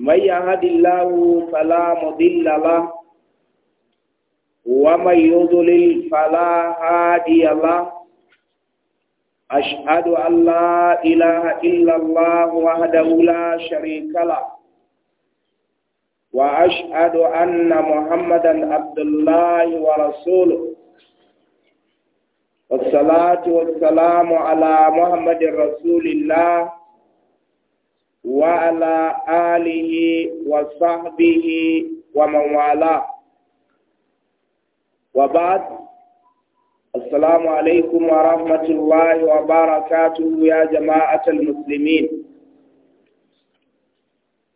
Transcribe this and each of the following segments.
من يهد الله فلا مضل له ومن يضلل فلا هادي له أشهد أن لا إله إلا الله وحده لا شريك له وأشهد أن محمدا عبد الله ورسوله والصلاة والسلام على محمد رسول الله وعلى آله وصحبه ومن والاه وبعد السلام عليكم ورحمة الله وبركاته يا جماعة المسلمين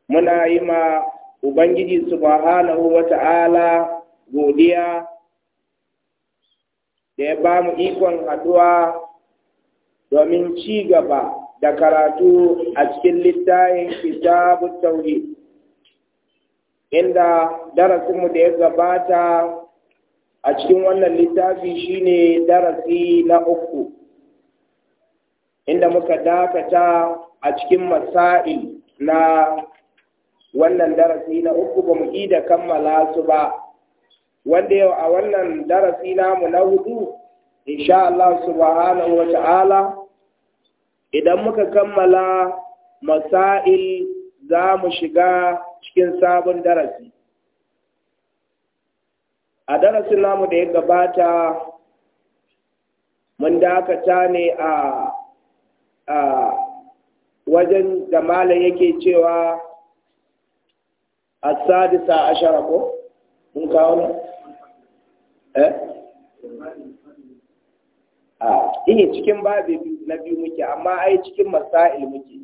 muna yi ma Ubangiji subhanahu wa ta'ala godiya da ya ba mu ikon haɗuwa domin ci gaba da karatu a cikin littayin kitabun tauhid inda darasinmu da ya gabata a cikin wannan littafi shine darasi na uku inda muka dakata a cikin masa'il na wannan darasi na uku ba mu da kammala su ba wanda yau a wannan darasi namu na hudu insha Allah subhanahu wa ta'ala idan muka kammala masail za mu shiga cikin sabon darasi a darasin namu da ya gabata mun dakata ne a wajen da malam yake cewa a sadisa a sharako mun kawo eh cikin babi na biyu muke amma ai cikin masail muke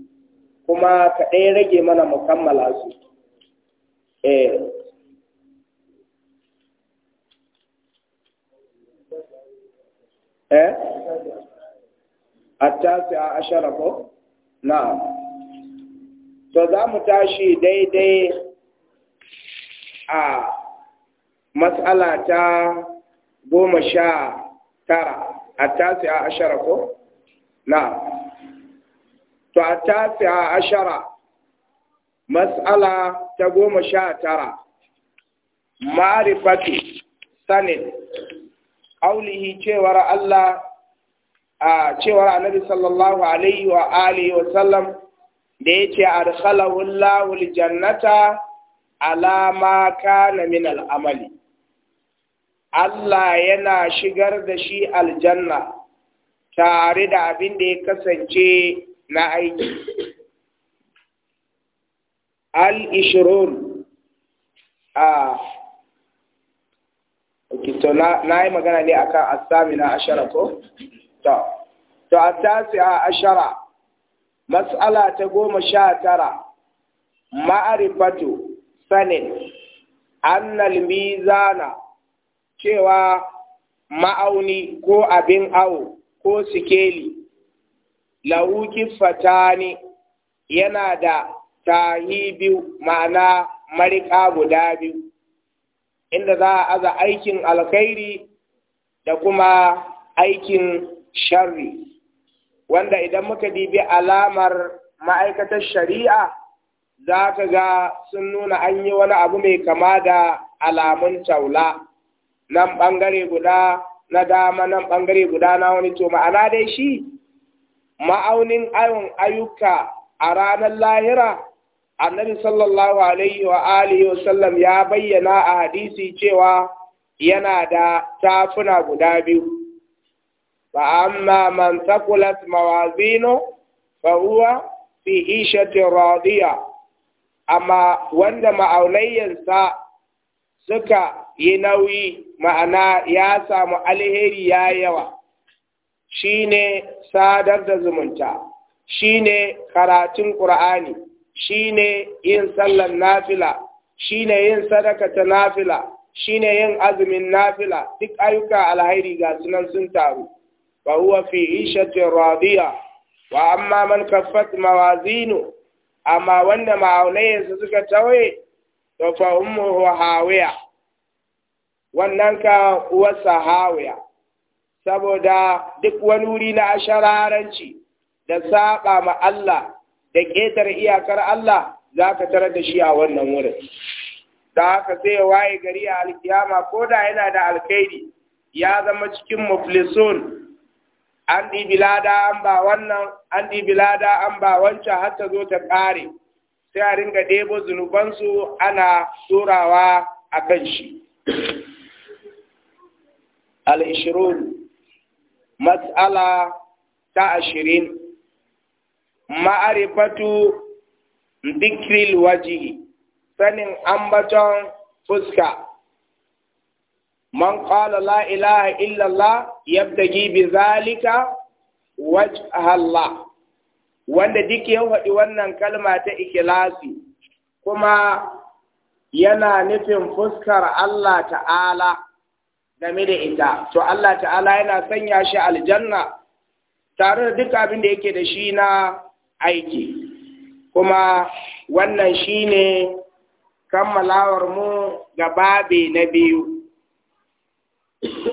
kuma ka ɗaya rage mana mukammala su eh eh attasi a ashara ko na'am to za mu tashi daidai a matsala ta goma sha tara التاسعة عشرة كو نعم تو التاسعة عشرة مسألة تقوم شاترة معرفة سنة قوله شوار الله شوار النبي صلى الله عليه وآله وسلم da ya ce adkhalahullahu aljannata ala ma kana min al'amali Allah yana shigar da shi aljanna tare da abin da ya kasance na aiki. Al-Ishirun a to na yi magana ne akan asami na ashara ko? To, to asasi a ashara, matsala ta goma sha tara, ma'arifatu sanin, annal mizana cewa ma'auni ko abin awo ko sikeli lauki ne yana da tahi biyu ma'ana marika guda biyu inda za a aza aikin alkhairi da kuma aikin sharri wanda idan muka dibi alamar ma'aikatar shari'a za ka ga sun nuna an yi wani abu mai kama da alamun taula nan ɓangare guda na dama nan ɓangare guda na wani to ma'ana dai shi ma'aunin ayon ayyuka a ranar lahira annabi sallallahu alaihi wa alihi wa sallam ya bayyana a hadisi cewa yana da tafuna guda biyu fa amma man taqulat mawazino fa huwa fi ishatin radiya amma wanda ma'aunayyansa suka yi nauyi ma'ana ya samu alheri ya yawa Shi ne sadar da zumunta Shi ne karatun ƙur'ani ne yin sallar nafila ne yin sadaka ta nafila ne yin azumin nafila duk ayyuka alheri ga sunan sun taru fa huwa fi ishatin radiya wa amma man kaffat mawazinu amma wanda ma'aunayensa suka tawaye to fa ummuhu hawiya wannan ka uwarsa hawiya saboda duk wani wuri na ashararanci da saba ma Allah da ƙetar iyakar Allah za ka tarar da shi a wannan wurin da haka sai ya waye gari a alkiyama ko da yana da alkhairi ya zama cikin muflisun an ɗibi lada an ba wannan an ɗibi bilada an ba wancan har ta zo ta ƙare sai a ringa ɗebo zunubansu ana turawa a kan shi al mas'ala ta ashirin ma'arifatu dikril waje. sanin ambaton fuska man qala la ilaha illallah yabtagi bi zalika wajhallah wanda duk ya faɗi wannan kalma ta ikilasi kuma yana nufin fuskar Allah ta'ala game da ita to Allah ta'ala yana sanya shi aljanna tare da duk abin da yake da shi na aiki kuma wannan shine kammalawar mu ga babi na biyu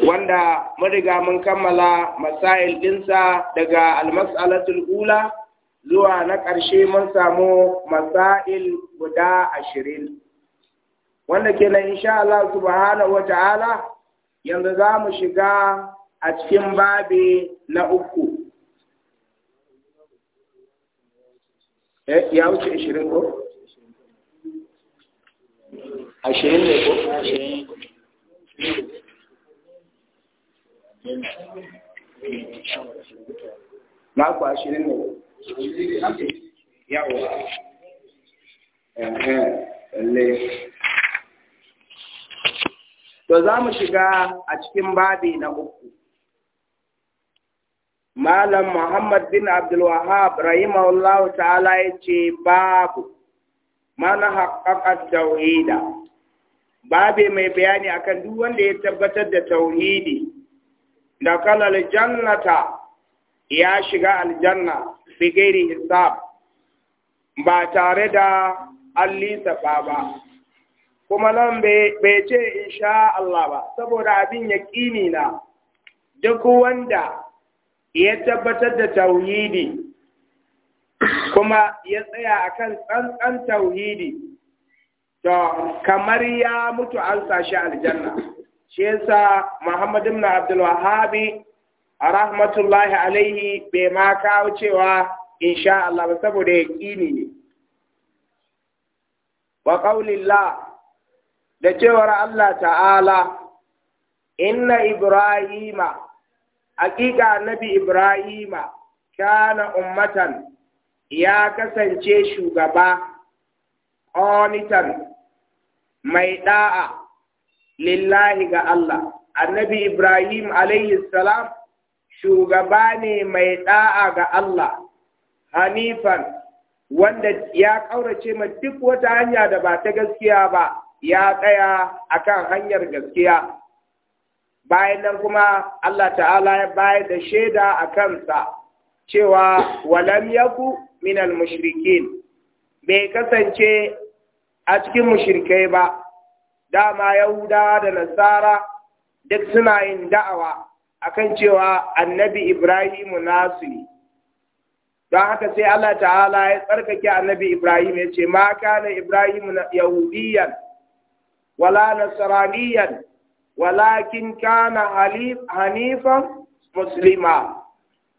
wanda mun riga mun kammala masail dinsa daga almas'alatul ula zuwa na ƙarshe mun samu masail guda ashirin wanda kenan insha Allah subhanahu wa ta'ala yanzu za mu shiga a cikin babi na uku eh, ya wuce ashirin ko? ashirin ne ko? mako ashirin ne To za mu shiga a cikin babi na uku. Malam Muhammad bin Abdulwahab rahimahullah ta'ala ya ce babu mana haƙaƙar tauhida. Babi mai bayani akan duk wanda ya tabbatar da tauhidi da kalar jannata ya shiga aljanna fi gairi hisab ba tare da an ba ba. kuma nan bai ce in sha Allah ba saboda abin yaƙini na duk wanda ya tabbatar da tauhidi kuma ya tsaya akan tsantsan tauhidi to kamar ya mutu an sashi aljanna shi yasa Muhammad ibn Abdul rahmatullahi alaihi bai ma kawo cewa insha Allah ba saboda ya yaƙini ne wa qaulillah da cewar Allah ta'ala inna ibrahima hakika annabi ibrahima kana ummatan ya kasance shugaba onitan mai da'a lillahi ga Allah annabi ibrahim alayhi salam shugaba ne mai da'a ga Allah hanifan wanda ya ƙaurace ma duk wata hanya da ba ta gaskiya ba ya tsaya a kan hanyar gaskiya bayan nan kuma Allah ta'ala ya bayar da shaida a kansa cewa walam yaku minal mushrikin bai kasance a cikin mushrikai ba dama yahuda da nasara duk suna yin da'awa akan cewa annabi ibrahimu nasu ne don haka sai Allah ta'ala ya tsarkake annabi ibrahim ya ce ma kana ibrahimu yahudiyan wala nasraniyan walakin kana hanifan muslima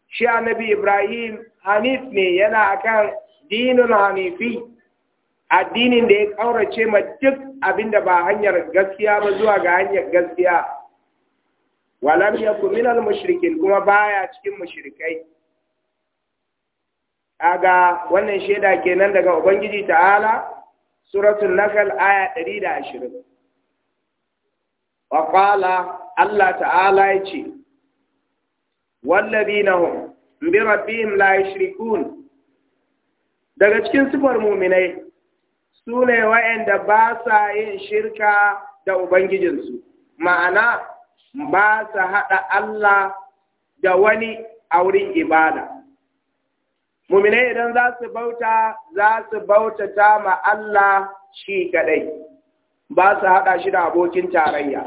shi annabi ibrahim hanif ne yana kan dinin hanifi addinin da ya kaurace ma duk abinda ba hanyar gaskiya ba zuwa ga hanyar gaskiya walam yaku minal mushrikin kuma baya cikin mushrikai aga wannan shaida kenan daga ubangiji ta'ala suratul nakal aya da ashirin. qala Allah ta'ala ce, Wallabi hum bi rabbihim la yushrikun daga cikin sifar mu'minai su ne ba sa yin shirka da ubangijinsu ma'ana ba sa haɗa Allah da wani a wurin ibada muminai idan za su bauta za su ta ma Allah shi kadai ba su haɗa shi da abokin tarayya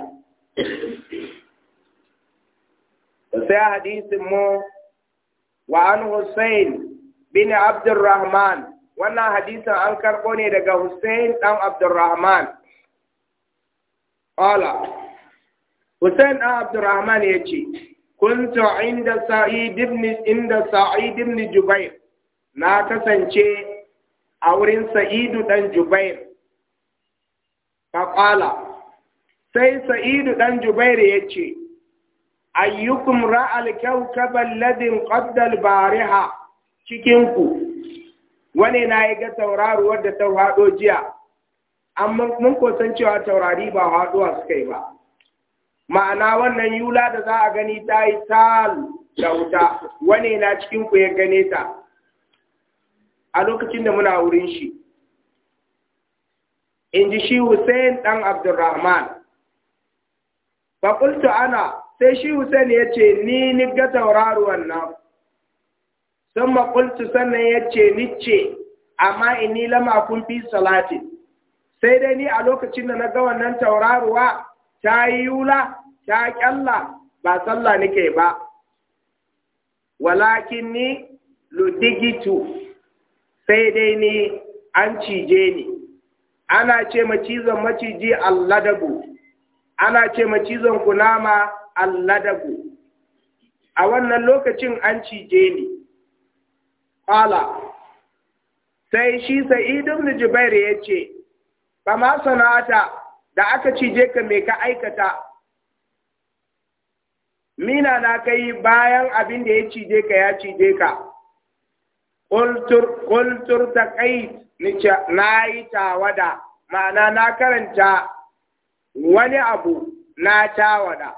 sai hadisin mu wa an Hussein bin Abdurrahman wannan hadisin an karɓo ne daga Hussein ɗan Abdurrahman ala Hussein ɗan Abdurrahman ya ce kuntu inda Sa'id ibn inda Sa'id ibn Jubair na kasance a wurin sa'idu ɗan jubair faƙala sai sa'idu ɗan jubair ya ce ayyukum ra'al kyaukabal ladin ƙaddal bariha cikinku wani na yi ga tauraruwar da ta haɗo jiya amma mun kusan cewa taurari ba haɗuwa suka yi ba ma'ana wannan yula da za a gani ta yi tal da wuta wani na cikinku ya gane ta a lokacin da muna wurin shi in ji shi Hussein ɗan Abdulrahman. Fakultu ana sai shi Hussein ya ce ni ni ga tauraruwan nan. Sun makultu sannan ya ce ni ce amma inni lama kun fi salati. Sai dai ni a lokacin da na ga wannan tauraruwa ta yi yula ta kyalla ba sallah nake ba. Walakin ni ludigitu sai dai ni an cije ni ana ce macizon maciji alladabu ana ce macizon kunama alladabu a wannan lokacin an cije ni Ƙala, sai shi Sa'idu da jubair ya ce ba ma sana'ata da aka cije ka me ka aikata mina na kai bayan abin da ya cije ka ya cije ka kultur ta kai na yi tawada ma'ana na karanta wani abu na tawada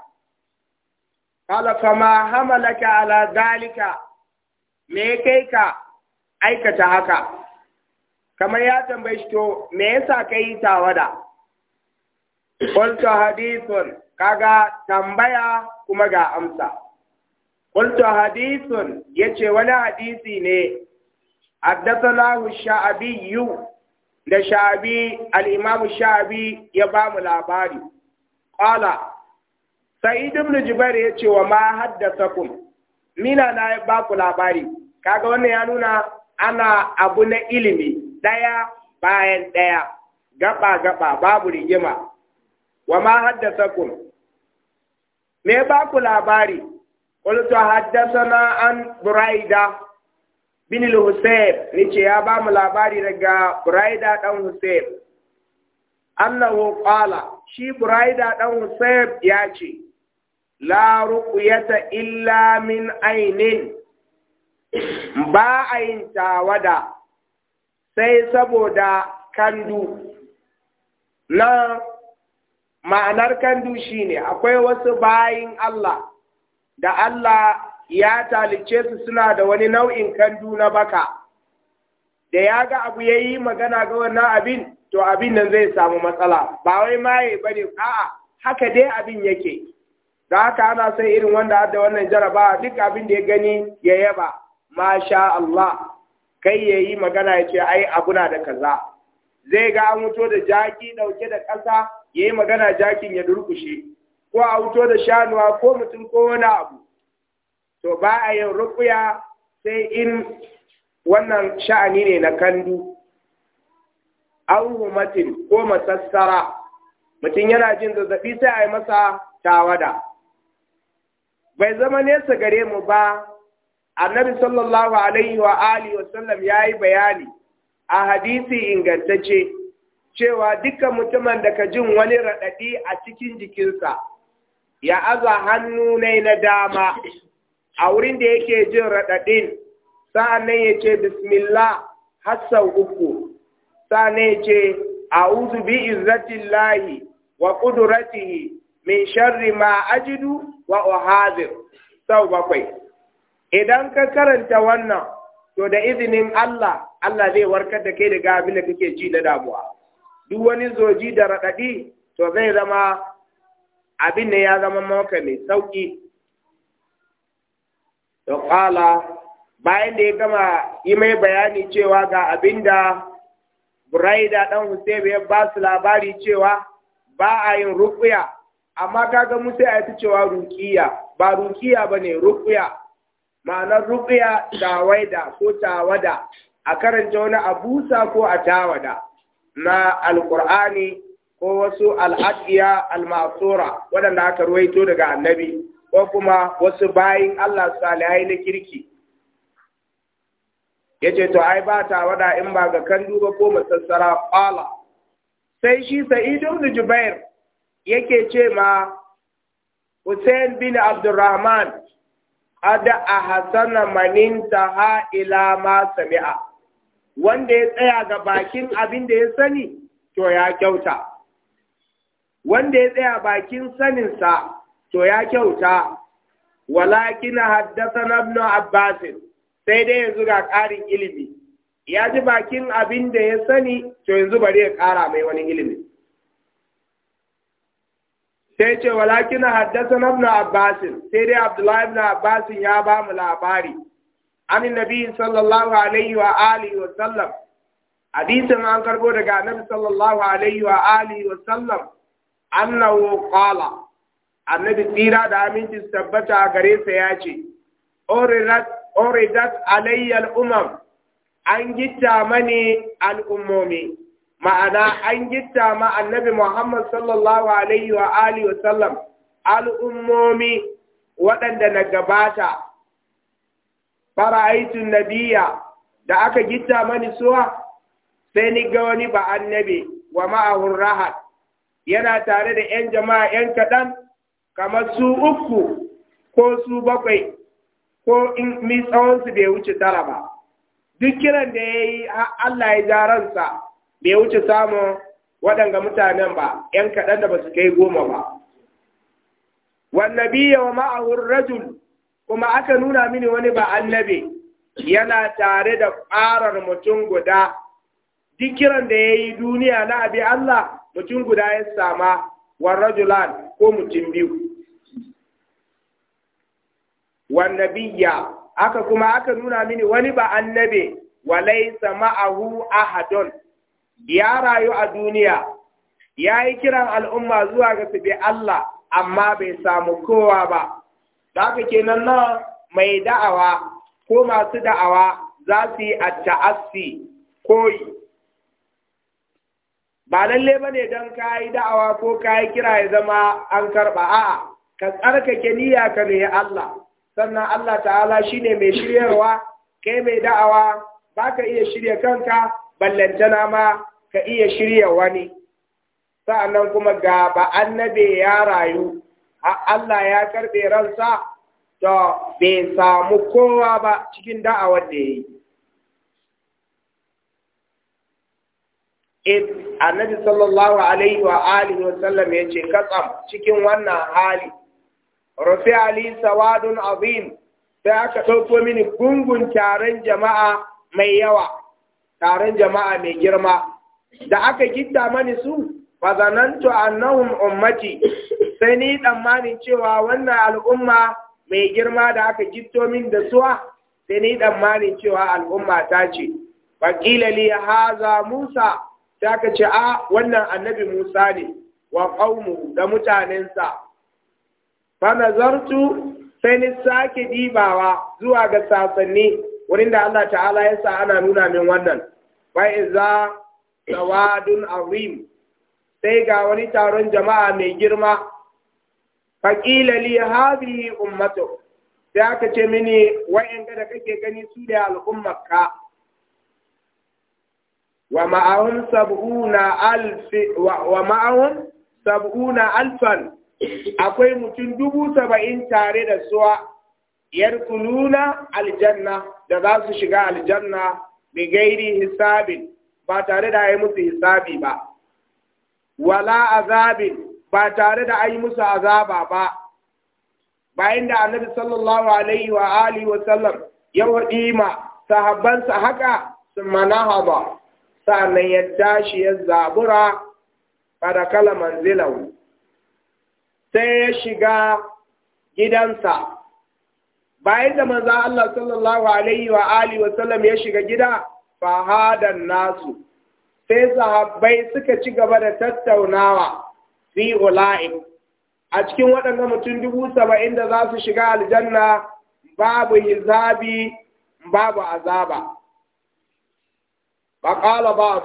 qala ma hamalaka ala dalika me kai ka aikata haka kamar ya tambaye shi to me yasa kai tawada qultu hadithun kaga tambaya kuma ga amsa qultu hadithun yace wani hadisi ne حدثنا الشعبي da sha'abi al'imamu sha'abi ya bamu labari. Ƙwala, Sa'idu ibn ya ce wa ma haddasa kun, mina na ya baku ku labari, kaga wannan ya nuna ana abu na ilimi ɗaya bayan ɗaya, gaba-gaba babu rigima, wa ma haddasa kun. Me ba ku labari, ƙulta haddasa na an buraida bin al-Husayb yace ya ba mu labari daga Buraida dan Husayb annahu qala shi Buraida dan Husayb ya ce la ruqyata illa min ainin ba ayin tawada sai saboda kandu na ma'anar kandu shine akwai wasu bayin Allah da Allah ya talice su suna da wani nau'in kandu na baka da ya ga abu ya yi magana ga wannan abin to abin nan zai samu matsala ba wai maye ba ne a'a haka dai abin yake da haka ana son irin wanda da wannan jaraba duk abin da ya gani ya yaba masha Allah kai ya yi magana ya ce ai abuna da kaza zai ga an wuto da jaki dauke da ƙasa ya yi magana jakin ya durkushe ko a wuto da shanuwa ko mutum ko wani abu to ba a yin rukuya sai in wannan sha'ani ne na kandu matin ko masassara mutum yana jin zazzaɓi sai a yi masa tawada bai zama nesa gare mu ba annabi sallallahu alaihi wa alihi wasallam ya yi bayani a hadisi ingantacce cewa dukkan mutumin da ka jin wani raɗaɗi a cikin jikinsa ya aza hannu na dama a wurin da yake jin raɗaɗin sa'an nan ya ce bismillah hassan uku sa'an nan ya ce a'udhu bi izzatillahi wa ƙuduratihi, min sharri ma ajidu wa ohazir sau bakwai idan ka karanta wannan to da izinin Allah Allah zai warkar da kai daga abin da kake ji na damuwa duk wani zoji da raɗaɗi to zai zama abin da ya zama maka mai sauƙi da ƙala bayan da ya gama yi mai bayani cewa ga abin da Buraida ɗan Hussein ya ba su labari cewa ba a yin rukuya, amma kaga Musa ya fi cewa rukiya, ba rukiya ba ne rukuya, ma'anar rukuya tawaida ko tawada a karanta wani abusa ko a tawada na alkur'ani ko wasu al'adiyya al waɗanda aka ruwaito daga annabi ko kuma wasu bayin Allah salihai na kirki ce to ai ba ta wada in ba ga kan duba ko masassara kwala. sai shi Sa'idu da Jubair yake ce ma Hussein bin Abdurrahman ada a hasana maninta ha ila ma sami'a wanda ya tsaya ga bakin abin da ya sani to ya kyauta wanda ya tsaya bakin saninsa to ya kyauta walakin haddathana ibn abbas sai dai yanzu ga ƙarin ilimi ya ji bakin abin da ya sani to yanzu bari ya ƙara mai wani ilimi sai ce walakin haddathana ibn abbas sai dai abdullahi ibn abbas ya ba mu labari an nabi sallallahu alaihi wa alihi wa sallam hadisin an karbo daga Nabi sallallahu alaihi wa alihi wa sallam annahu qala annabi tsira da aminci tabbata a gare sa ya ce oridat alayyal umam an gitta mani al'ummomi ma'ana an gitta ma annabi muhammad sallallahu alaihi wa alihi wa al'ummomi waɗanda na gabata fara'aitun nabiya da aka gitta mani suwa sai ni ga wani ba annabi wa ma'ahun rahat yana tare da ‘yan jama'a ‘yan kaɗan kamar su uku ko su bakwai ko in mi tsawonsu bai wuce tara ba duk kiran da ya yi Allah ya ja ransa bai wuce samun waɗanga mutanen ba ‘yan kaɗan da ba su kai goma ba wannabi wa ma'ahur rajul kuma aka nuna mini wani ba annabi yana tare da ƙarar mutum guda duk kiran da ya yi duniya na abi Allah mutum guda ya sama wa rajulan ko mutum biyu Wanne biyya? aka kuma aka nuna mini wani ba annabi wa laysa ma'ahu ahadun ya rayu a duniya ya yi kiran al'umma zuwa ga su Allah amma bai samu kowa ba ka kenan nan mai da'awa ko masu da'awa za su yi a ta'assi koyi ba lalle ba ne don ka yi da'awa ko ka yi kira ya zama an karɓa a'a ka tsarkake niyya ka ne Allah sannan Allah ta'ala Shi ne mai shiryarwa kai mai da'awa ba ka iya shirya kanka ballantana ma ka iya shirya wani sa'annan kuma ga ba annabe ya rayu Allah ya karɓe ransa to bai samu kowa ba cikin da'awar da yayi it eh, annabi sallallahu alaihi wa alihi wa sallam yace katsam cikin wannan hali rufe ali sawadun abin sai aka ɗauko mini gungun taron jama'a mai yawa taron jama'a mai girma da aka gitta mani su fazanantu annahum ummati sai ni tsammanin cewa wannan al'umma mai girma da aka gitto min da suwa sai ni tsammanin cewa al'umma ta ce faƙila li haza musa ta ka ce a wannan annabi musa ne wa mu da mutanensa zartu, sai ni sake dibawa zuwa ga sasanni wurin da Allah ta'ala ya sa ana nuna min wannan wa iza sawadun azim sai ga wani taron jama'a mai girma faƙila li hadhihi ummato. sai aka ce mini wa'yanda da kake gani su da al'ummarka wa ma'ahum sab'una alf sab'una alfan akwai mutum dubu saba'in tare da suwa kununa aljanna da za su shiga aljanna bi gairi hisabin ba tare da ai musu hisabi ba wala azabin ba tare da ai musu azaba ba bayan da annabi sallallahu alaihi wa alihi wa sallam ya wadi ma sahabbansa haka sun manaha ba sa'annan ya tashi ya zabura kada kala sai ya shiga gidansa bayan da manza Allah sallallahu alaihi wa alihi wa sallam ya shiga gida fahadan nasu sai sahabbai suka ci gaba da tattaunawa fi ula'in a cikin waɗanda mutum dubu saba'in da za su shiga aljanna babu hisabi babu azaba ba ƙala ba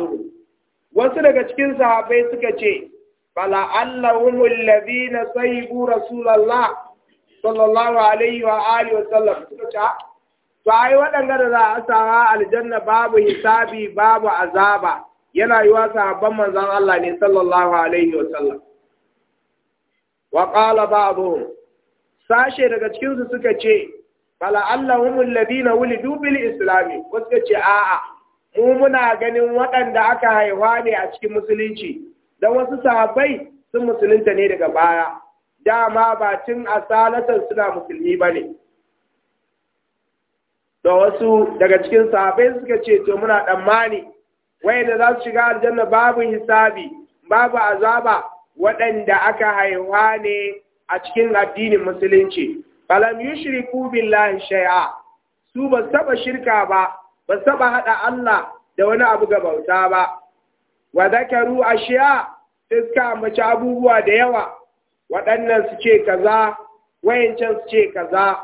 wasu daga cikin sahabbai suka ce فلعلهم الذين صيبوا رسول الله صلى الله عليه وآله وسلم to ai waɗanda da za a sawa aljanna babu hisabi babu azaba yana yi wa sahabban manzon Allah ne sallallahu alaihi wa sallam wa qala ba'dhum sashe daga cikinsu suka ce fala allahum alladhina wuli bil islami wasu ce a'a mu muna ganin waɗanda aka haihuwa ne a cikin musulunci Da wasu sahabbai sun musulunta ne daga baya dama ba cin asalatan suna musulmi ba ne. da wasu daga cikin sahabbai suka ce to muna tsammani wayanda za su shiga aljanna babu hisabi babu azaba waɗanda aka haihuwa ne a cikin addinin musulunci falam yushriku billahi shay'a su ba saba shirka ba ba saba hada Allah da wani abu ga bauta ba wa zakaru ashiya iska mace abubuwa da yawa waɗannan su ce kaza wayancan su ce kaza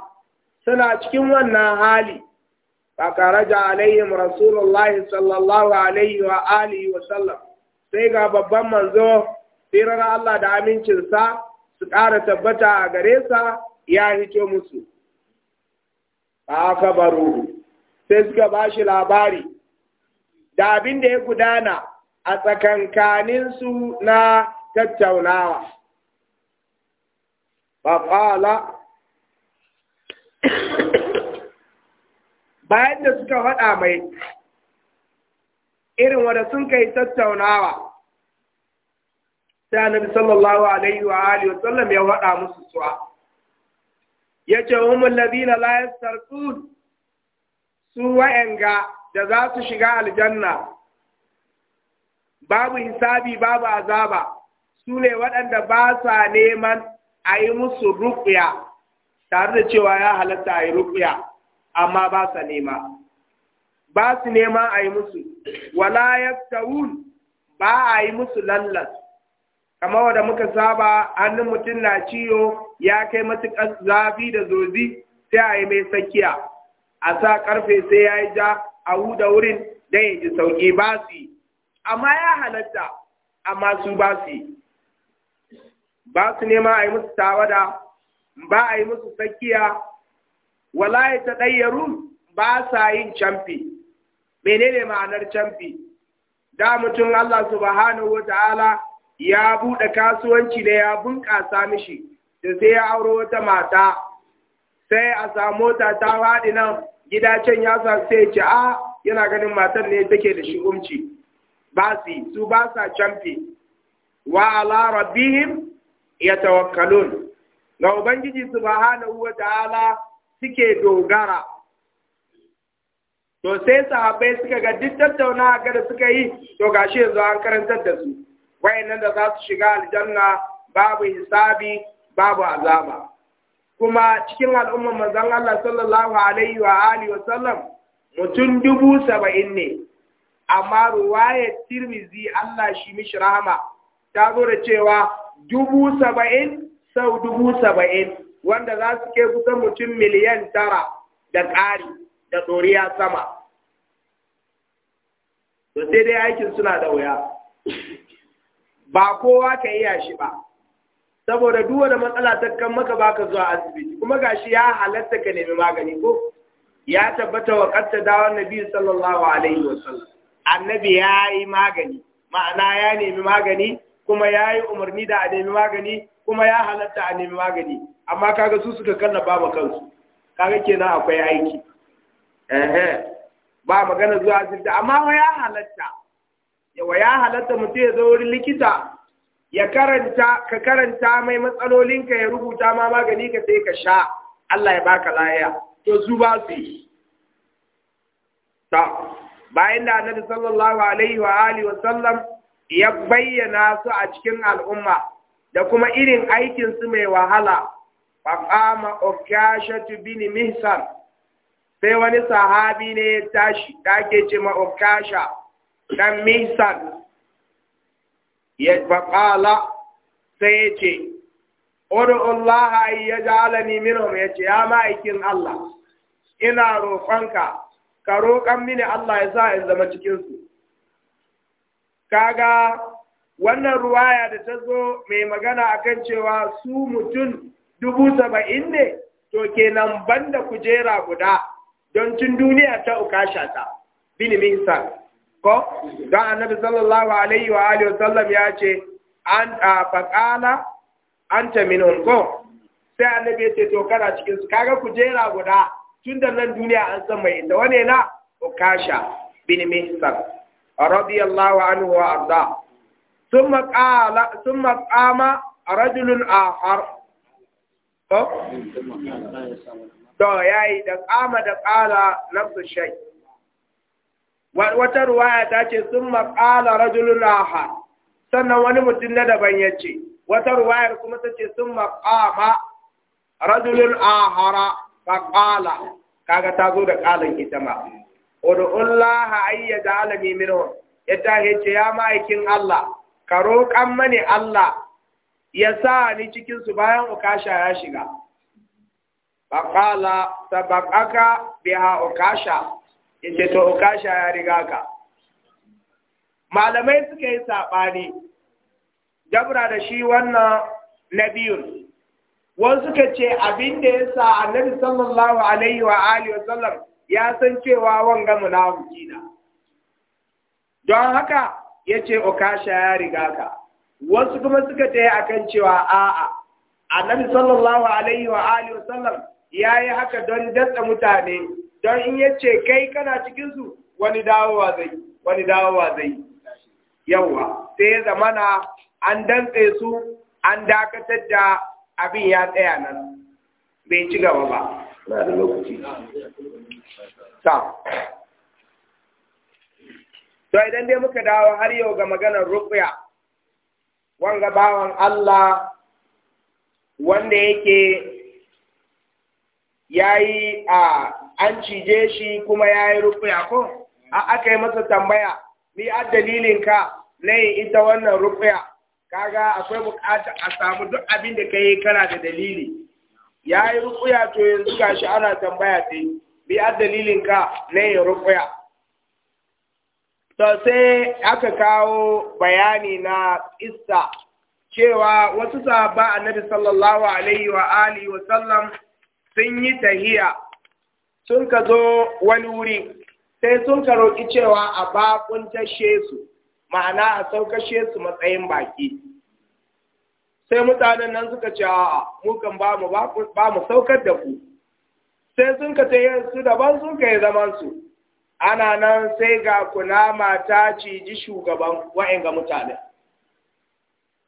suna cikin wannan hali fakaraja alaihim rasulullahi sallallahu alaihi wa alihi wa sallam sai ga babban manzo firar Allah da amincin sa su ƙara tabbata a gare sa ya hito musu aka baro sai suka bashi shi labari da abin da ya gudana a tsakankaninsu na tattaunawa. Faƙala bayan da suka faɗa mai irin wanda sun kai tattaunawa sai annabi sallallahu alaihi wa alihi wasallam ya faɗa musu suwa ce, humul ladina la yastarqun su wa'anga da za su shiga aljanna babu hisabi babu azaba su ne waɗanda ba sa neman a yi musu rukuya tare da cewa ya halatta a yi rukuya amma ba sa nema ba su nema a yi musu wala yaftawun ba a yi musu lallas kamar wadda muka saba hannun mutum na ciwo ya kai matuƙar zafi da zozi sai a yi mai tsakiya a sa ƙarfe sai ya yi ja a huda wurin don ya ji sauƙi ba su yi amma ya halatta amma su ba su yi ba su nema a yi musu tawada ba a yi musu tsakiya wala ya ta ɗayyaru ba sa yin camfi menene ma'anar camfi da mutum Allah subhanahu wa ta'ala ya buɗe kasuwanci da ya bunƙasa mishi da sai ya auro wata mata sai a samu ta ta faɗi nan gidacen ya sai ce a ah, yana ganin matan ne take da shi'umci Basi su basa canfi sa camfe wa ala rabbihim yatawakkalun ga ubangiji subhanahu wa ta'ala suke dogara to sai sahabbai suka ga duk tattaunawa ga suka yi to gashi yanzu an karantar da su wayannan da za su shiga aljanna babu hisabi babu azaba kuma cikin al'ummar manzon Allah sallallahu alaihi wa alihi wa sallam mutum dubu saba'in ne amma ruwayar tirmizi Allah shi mishi rahama ta zo da cewa dubu saba'in sau dubu saba'in wanda za su ke kusan mutum miliyan tara da ƙari da ɗoriya sama to sai dai aikin suna da wuya ba kowa ka iya shi ba saboda duwa da matsala ta kan maka ba ka zuwa asibiti kuma gashi ya halatta ka nemi magani ko ya tabbata wa qatta da wannan nabi sallallahu alaihi wasallam annabi ya yi magani ma'ana ya nemi magani kuma ya yi umarni da a nemi magani kuma ya halatta a nemi magani amma kaga su suka ba ma kansu kaga kenan akwai aiki ba magana zuwa asibiti amma wa ya halatta yawa ya halatta mutum ya zo wurin likita ya karanta ka karanta mai matsalolinka ya rubuta ma magani ka sai ka sha Allah ya baka lahiya to su ba su yi ta bayan da annabi sallallahu alaihi wa alihi wa sallam ya bayyana su a cikin al'umma da kuma irin aikin su mai wahala faqama ukashatu bin mihsan sai wani sahabi ne ya tashi take ce ma ukasha dan mihsan ya faqala sai ya ce Allah ya ja'alani minhum ya ce ya ma'aikin Allah ina roƙonka ka roƙon mini Allah ya sa in zama cikinsu. Kaga wannan ruwaya da ta zo mai magana a kan cewa su mutum dubu saba'in ne, to kenan banda kujera guda don tun duniya ta ukasha ta, bini sa. Ko, don annabi sallallahu alaihi wa alihi sallam ya ce, an faƙala, an ta ko, sai annabi ya ce to kana cikinsu, kaga kujera guda. tun da nan duniya an san mai inda wane na ukasha bin mihsan radiyallahu anhu wa arda thumma qala thumma qama rajulun akhar to to yayi da qama da qala nafsu shay wata ruwaya ta ce thumma qala rajulun akhar sannan wani mutum na daban ya ce wata ruwayar kuma ta ce thumma qama rajulun ahara faƙala kaga ta zo da ƙalan ita ma udullaha ayya ja'alani minhum ya tahe ce ya ma'aikin Allah ka roƙan mani Allah ya sa ni cikin su bayan ukasha ya shiga faƙala sabaqaka biha ukasha yace to ukasha ya riga ka malamai suka yi saɓani dabra da shi wannan na biyun wani suka ce abin da ya sa annabi sallallahu alaihi wa alihi wa sallam ya san cewa wanga munafiki na don haka ya ce okasha ya riga ka wasu kuma suka ta kan cewa a'a annabi sallallahu alaihi wa alihi wa sallam ya yi haka don datsa mutane don in ya ce kai kana cikinsu wani dawowa zai wani dawowa zai yawa sai ya zamana an dantse su an dakatar da abin ya tsaya nan bai ci gaba ba ta to idan dai muka dawo har yau ga maganar rukuya wanga bawan Allah wanda yake yayi a an cije shi kuma yayi rukuya ko a aka yi masa tambaya ni a dalilin ka na ita wannan rukuya kaga akwai bukata a samu duk abin da kai kana da dalili ya yi rukuya to yanzu gashi ana tambaya sai bi a dalilin ka na yin rukuya to sai aka kawo bayani na isa cewa wasu sahaba annabi sallallahu alaihi wa alihi wa sallam sun yi tahiya sun ka zo wani wuri sai sun ka roƙi cewa a tashe su ma'ana a saukashe su matsayin baki sai mutanen nan suka ce a mu ba mu saukar da ku sai sun ka ta su daban sun ka yi zaman su ana nan sai ga kunama ta ji shugaban ga mutane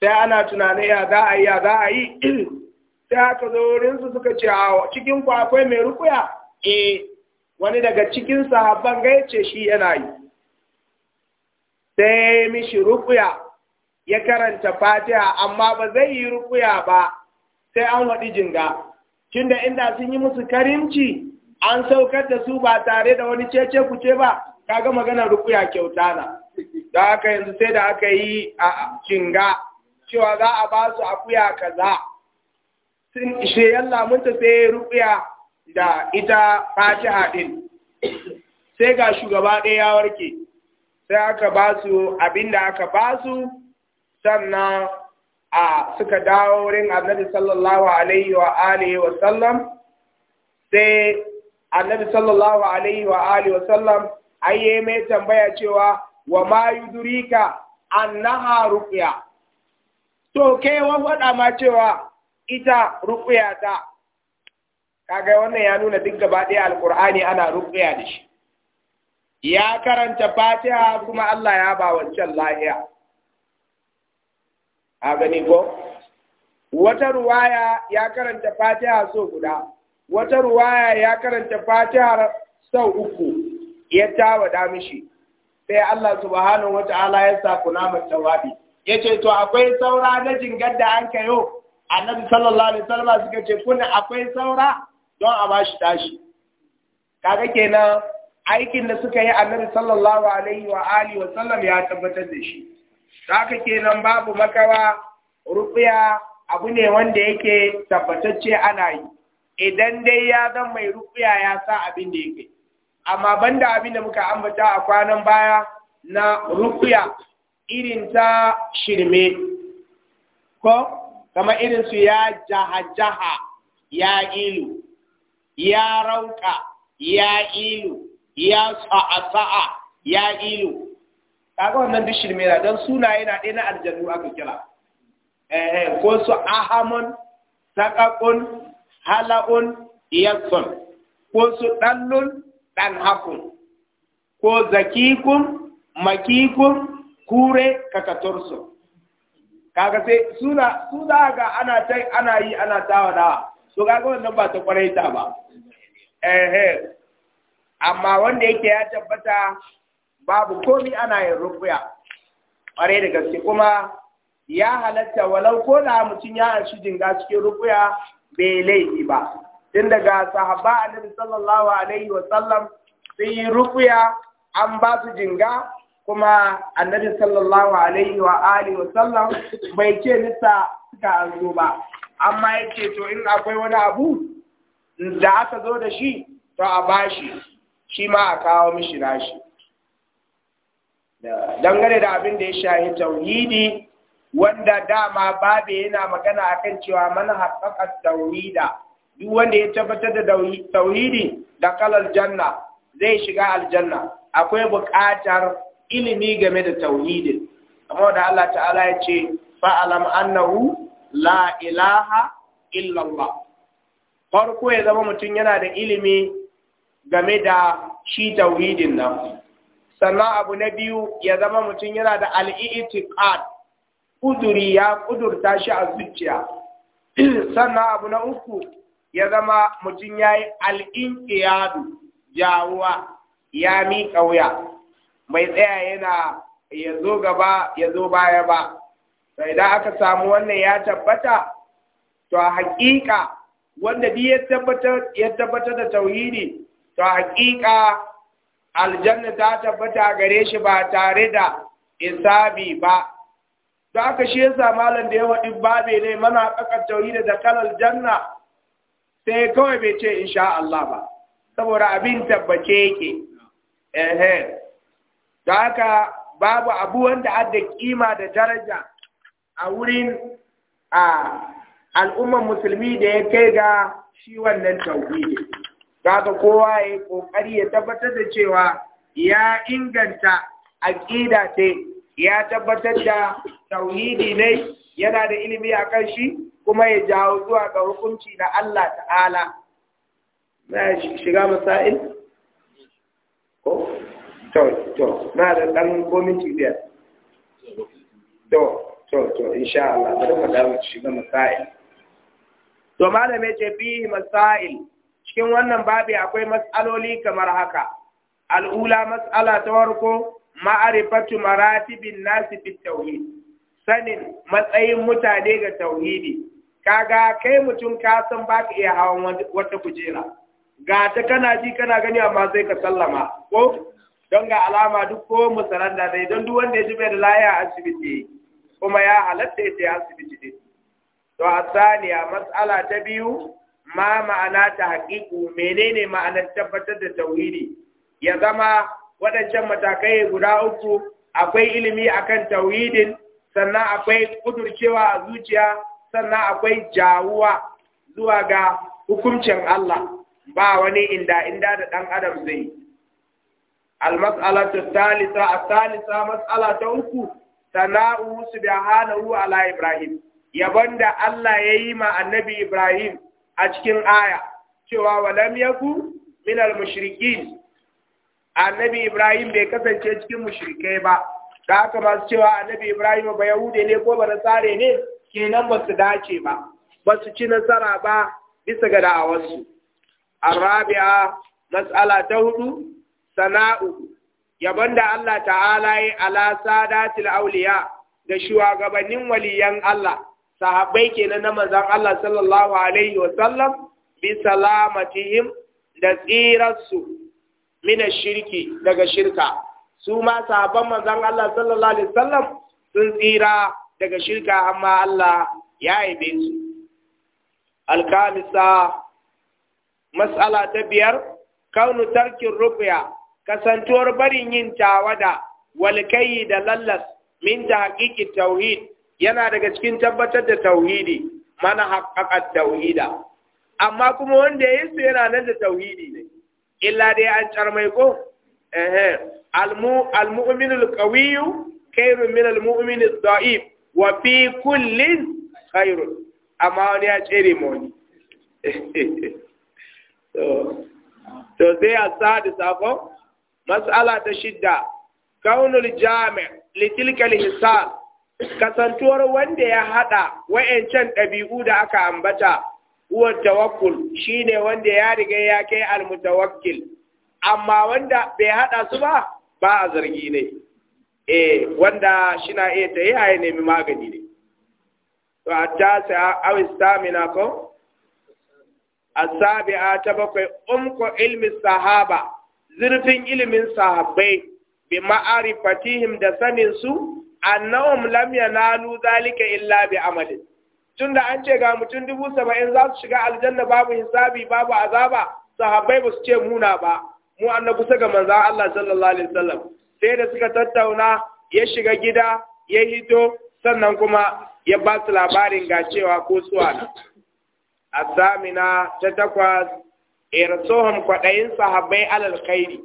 sai ana tunanin ya za a yi ya za a yi sai aka zo su suka ce a cikin ku akwai mai rukuya eh wani daga cikin sahabban gaice shi yana yi sai ya mishi rukuya ya karanta fatiha amma ba zai yi rukuya ba sai an waɗi jinga tunda inda sun yi musu karimci an saukar da su ba tare da wani cece kuce ba kaga magana rukuya kyauta na da aka yanzu sai da aka yi a jinga cewa za a ba su akuya kaza sun ishe yalla munta sai rukuya da ita fatiha ɗin, sai ga shugaba ɗaya ya warke sai aka ba su abin da aka ba su sannan a suka dawo wurin annabi sallallahu alaihi wa alihi wa sallam sai annabi sallallahu alaihi wa alihi wa sallam ayye mai tambaya cewa wa ma yudrika annaha ruqya to kai wa fada ma cewa ita ruqya ta kaga wannan ya nuna duk gaba ɗaya alqur'ani ana ruqya da shi ya karanta fatiha kuma Allah ya ba wancan lahiya a gani ko wata ruwaya ya karanta fatiha so guda wata ruwaya ya karanta fatiha sau uku ya tawada mishi sai Allah subhanahu wata'ala ya sa kunamar tawabi ya ce to akwai saura na jingar da an kayo annabi sallallahu alaihi wasallam suka ce kuna akwai saura don a bashi tashi kaga kenan aikin da suka yi annabi sallallahu alaihi wa ali wa sallam ya tabbatar da shi haka kenan babu makawa ruqya abu ne wanda yake tabbatacce ana yi idan dai ya zan mai ruqya ya sa abin da yake amma banda abin da muka ambata a kwanan baya na ruqya irin ta shirme ko kama irin su ya jaha jaha ya ilu ya rauka ya ilu ya sa'a ya ilu kaga wannan duk shirme na don suna yana ɗaya na aljannu aka kira eh ko su ahamun sakakun hala'un yasun ko su ɗanlun, ɗan hakun ko zakikun makikun kure kakatorso kaga sai suna su za ga ana ta ana yi ana tawadawa so kaga wannan ba ta kwarai ta ba eh amma wanda yake ya tabbata babu komi ana yin rukuya ƙware da gaske kuma ya halatta walau ko da mutum ya an jinga cikin rukuya bai laifi ba tun daga sahaba annabi sallallahu alaihi wa sallam sun yi rukuya an ba su jinga kuma annabi sallallahu alaihi wa alihi wa sallam bai ce nisa suka an ba amma yace to in akwai wani abu da aka zo da shi to a bashi shi ma a kawo mishi nashi dangane da abin da ya shahi tauhidi wanda dama babu yana magana akan cewa mana haqqaqa tauhida duk wanda ya tabbatar da tauhidi da kalar janna zai shiga aljanna akwai buƙatar ilimi game da Tauhidi. amma da Allah ta'ala ya ce fa'alam annahu la ilaha illallah farko ya zama mutum yana da ilimi game da shi tauhidin nan sannan abu na biyu ya zama mutum yana da al'i'itiqad kuduri ya kudurta shi a zuciya sannan abu na uku ya zama mutum ya yi al'inƙiyadu jawuwa ya miƙa wuya mai tsaya yana ya gaba ya zo baya ba Sai idan aka samu wannan ya tabbata to a haƙiƙa wanda biyu ya tabbatar da tauhidi to haƙiƙa aljanna ta tabbata gare shi ba tare da isabi ba To aka shi yasa malam da ya waɗi babe ne mana ƙaƙar tauri da kalar janna sai kawai bai ce insha Allah ba saboda abin tabbace yake eh da haka babu abu wanda adda kima da daraja a wurin a al'ummar musulmi da ya kai ga shi wannan tauhidi kaga kowa ya kokari ya tabbatar da cewa ya inganta aqida ce ya tabbatar da tauhidi ne yana da ilimi a kan shi kuma ya jawo zuwa ga hukunci da Allah ta'ala na shiga masa'il ko to to na da dan kominci biyar to to to insha Allah bari mu dawo shiga masa'il to malame ce bi masa'il cikin wannan babi akwai matsaloli kamar haka al'ula matsala ta warko, ma'arifatu maratibin nasi fi tauhid sanin matsayin mutane ga tauhidi kaga kai mutum ka san baka iya hawan wata kujera ga ta kana ji kana gani amma sai ka sallama ko don ga alama duk ko musaran da dai don duk wanda ya ji bai da laya asibiti kuma ya halatta ya asibiti ne to a matsala ta biyu ma ma'ana ta haƙiƙu menene ma'anar tabbatar da tauhidi ya zama waɗancan matakai guda uku akwai ilimi akan tauhidin sannan akwai kudurcewa a zuciya sannan akwai jawuwa zuwa ga hukuncin Allah ba wani inda inda da ɗan adam zai almas'alatu thalitha a Salisa, mas'ala ta uku sana'u su subhanahu ala ibrahim yabon da Allah yayi ma annabi ibrahim a cikin aya cewa walam yaku min al-mushrikin annabi Ibrahim bai kasance cikin mushrikai ba da haka masu cewa annabi Ibrahim ba Yahude ne ko ba Nasare ne kenan ba su dace ba ba su ci nasara ba bisa ga da'awarsu arabi'a mas'ala ta hudu sana'u yaban da Allah ta'ala yi ala sadatil auliya da shugabannin waliyan Allah sahabbai kenan na manzon Allah sallallahu alaihi wa sallam bi salamatihim da tsirarsu min shirki daga shirka su ma sahabban manzon Allah sallallahu alaihi wa sallam sun tsira daga shirka amma Allah ya yi su alkamisa mas'ala ta biyar kaunu tarkin rufiya kasantuwar barin yin tawada walkayi da lallas min ta tauhid yana daga cikin tabbatar da tauhidi mana haƙaƙa tauhida amma kuma wanda ya yi yana nan da tauhidi ne illa dai an carmai ko eh al-mu'min al-qawiy khairun min al-mu'min wa fi kullin khairun amma wani ya tsere mu to sai a da safo mas'ala ta shidda kaunul jami' li tilka kasantuwar wanda ya haɗa wa'yancan ɗabi'u da aka ambata uwar tawakkul shine wanda ya riga ya kai almutawakkil amma wanda bai haɗa su ba ba a zargi ne eh wanda shi na iya ta yi a nemi magani ne to a ta sa stamina ko asabi'a ta bakwai umko ilmin sahaba zurfin ilimin sahabbai bi ma'arifatihim da sanin su annahum lam yanalu zalika illa bi amali tunda an ce ga mutum dubu saba'in za su shiga aljanna babu hisabi babu azaba sahabbai ba su ce muna ba mu annabi kusa ga manza Allah sallallahu alaihi wasallam sai da suka tattauna ya shiga gida ya hito sannan kuma ya ba su labarin ga cewa ko suwa na azamina ta takwas irsohum kwaɗayin sahabbai alal khairi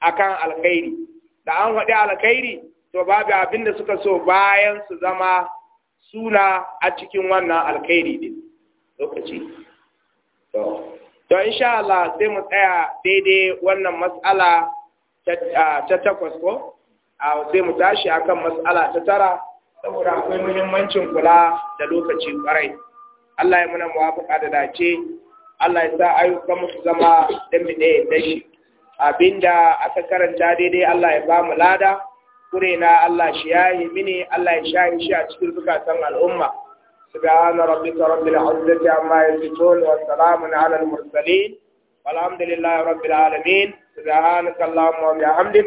akan alkhairi da an faɗi alkhairi to babu abin da suka so bayan su zama suna a cikin wannan alkhairi din lokaci to to insha Allah sai mu tsaya daidai wannan mas'ala ta takwas ko a sai mu tashi akan mas'ala ta tara saboda akwai muhimmancin kula da lokaci kwarai Allah ya muna muwafaka da dace Allah ya sa ayyukan mu zama dan mu da shi abinda aka karanta daidai Allah ya ba mu lada kuskure na Allah shi yayi mini Allah ya shayi shi a cikin zukatan al'umma سبحان ربك رب العزة عما يصفون وسلام على المرسلين والحمد لله رب العالمين سبحانك اللهم وبحمدك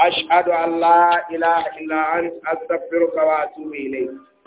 أشهد أن لا إله إلا أنت أستغفرك وأتوب إليك